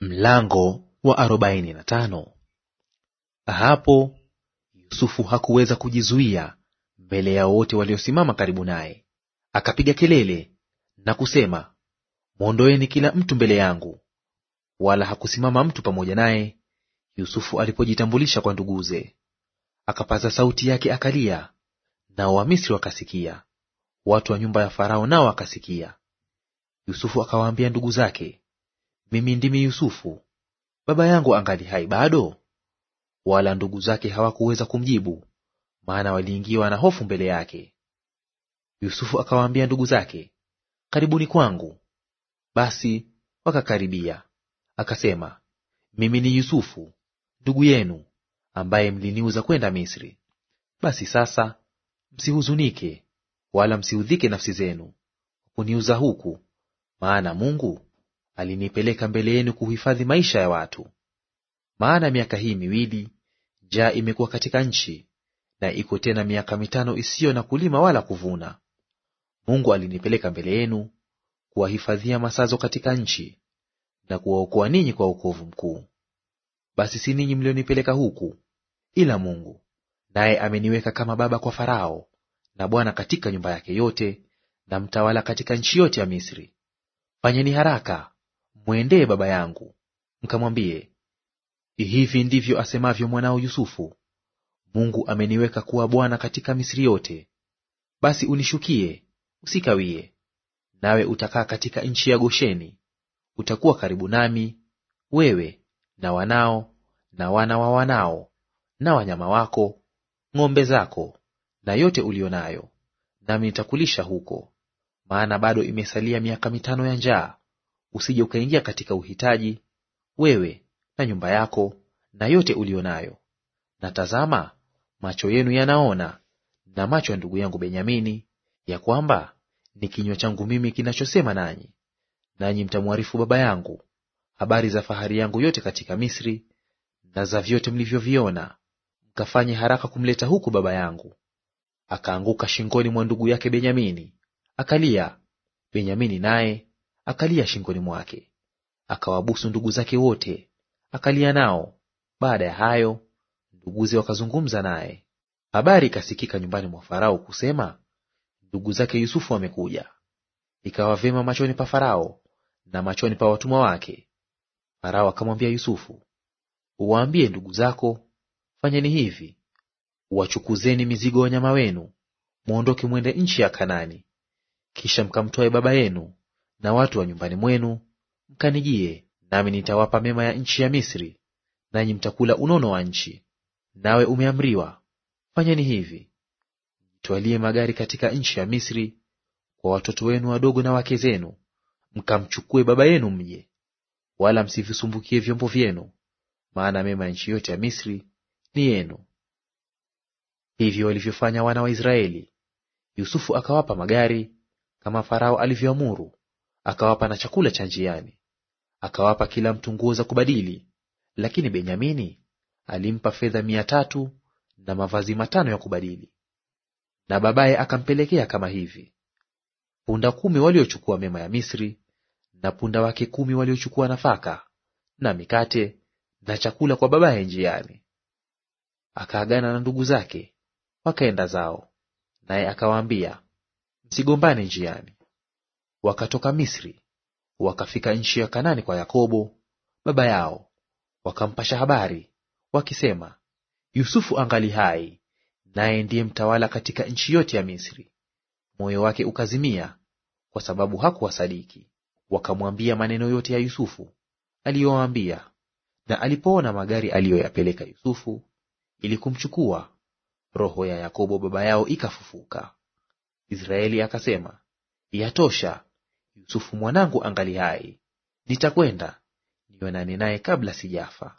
Mlango wa arobaini na tano. Hapo Yusufu hakuweza kujizuia mbele ya wote waliosimama karibu naye, akapiga kelele na kusema, mwondoeni kila mtu mbele yangu. Wala hakusimama mtu pamoja naye Yusufu alipojitambulisha kwa nduguze. Akapaza sauti yake akalia, nao Wamisri wakasikia, watu wa nyumba ya Farao nao wakasikia. Yusufu akawaambia ndugu zake, mimi ndimi Yusufu, baba yangu angali hai bado? Wala ndugu zake hawakuweza kumjibu, maana waliingiwa na hofu mbele yake. Yusufu akawaambia ndugu zake, karibuni kwangu. Basi wakakaribia. Akasema, mimi ni Yusufu ndugu yenu, ambaye mliniuza kwenda Misri. Basi sasa msihuzunike, wala msiudhike nafsi zenu kuniuza huku, maana Mungu alinipeleka mbele yenu kuhifadhi maisha ya watu. Maana miaka hii miwili njaa imekuwa katika nchi, na iko tena miaka mitano isiyo na kulima wala kuvuna. Mungu alinipeleka mbele yenu kuwahifadhia masazo katika nchi, na kuwaokoa ninyi kwa wokovu mkuu. Basi si ninyi mlionipeleka huku, ila Mungu; naye ameniweka kama baba kwa Farao, na bwana katika nyumba yake yote, na mtawala katika nchi yote ya Misri. Fanyeni haraka mwendee baba yangu mkamwambie, hivi ndivyo asemavyo mwanao Yusufu, Mungu ameniweka kuwa bwana katika Misri yote. Basi unishukie, usikawie, nawe utakaa katika nchi ya Gosheni; utakuwa karibu nami, wewe na wanao na wana wa wanao na wanyama wako, ng'ombe zako na yote uliyo nayo, nami nitakulisha huko, maana bado imesalia miaka mitano ya njaa usije ukaingia katika uhitaji, wewe na nyumba yako na yote uliyo nayo. Na tazama, macho yenu yanaona na macho ya ndugu yangu Benyamini, ya kwamba ni kinywa changu mimi kinachosema nanyi, nanyi mtamwarifu baba yangu habari za fahari yangu yote katika Misri na za vyote mlivyoviona, mkafanye haraka kumleta huku baba yangu. Akaanguka shingoni mwa ndugu yake Benyamini, akalia. Benyamini naye akalia shingoni mwake, akawabusu ndugu zake wote, akalia nao. Baada ya hayo, nduguze wakazungumza naye. Habari ikasikika nyumbani mwa Farao kusema, ndugu zake Yusufu wamekuja. Ikawa vema machoni pa Farao na machoni pa watumwa wake. Farao akamwambia Yusufu, uwaambie ndugu zako, fanyeni hivi, wachukuzeni mizigo ya wanyama wenu, mwondoke mwende nchi ya Kanani, kisha mkamtoe baba yenu na watu wa nyumbani mwenu mkanijie, nami nitawapa mema ya nchi ya Misri, nanyi mtakula unono wa nchi. Nawe umeamriwa, fanyeni hivi: mtwalie magari katika nchi ya Misri kwa watoto wenu wadogo na wake zenu, mkamchukue baba yenu mje, wala msivisumbukie vyombo vyenu, maana mema ya nchi yote ya Misri ni yenu. Hivyo walivyofanya wana wa Israeli. Yusufu akawapa magari kama Farao alivyoamuru, akawapa na chakula cha njiani, akawapa kila mtu nguo za kubadili. Lakini Benyamini alimpa fedha mia tatu na mavazi matano ya kubadili. Na babaye akampelekea kama hivi: punda kumi waliochukua mema ya Misri, na punda wake kumi waliochukua nafaka na mikate na chakula kwa babaye njiani. Akaagana na ndugu zake, wakaenda zao, naye akawaambia, msigombane njiani. Wakatoka Misri wakafika nchi ya kanani kwa Yakobo baba yao, wakampasha habari wakisema, Yusufu angali hai, naye ndiye mtawala katika nchi yote ya Misri. Moyo wake ukazimia kwa sababu hakuwasadiki. Wakamwambia maneno yote ya Yusufu aliyowaambia. Na alipoona magari aliyoyapeleka Yusufu ili kumchukua, roho ya Yakobo baba yao ikafufuka. Israeli akasema, Yatosha, Yusufu mwanangu angali hai, nitakwenda niwe nane naye kabla sijafa.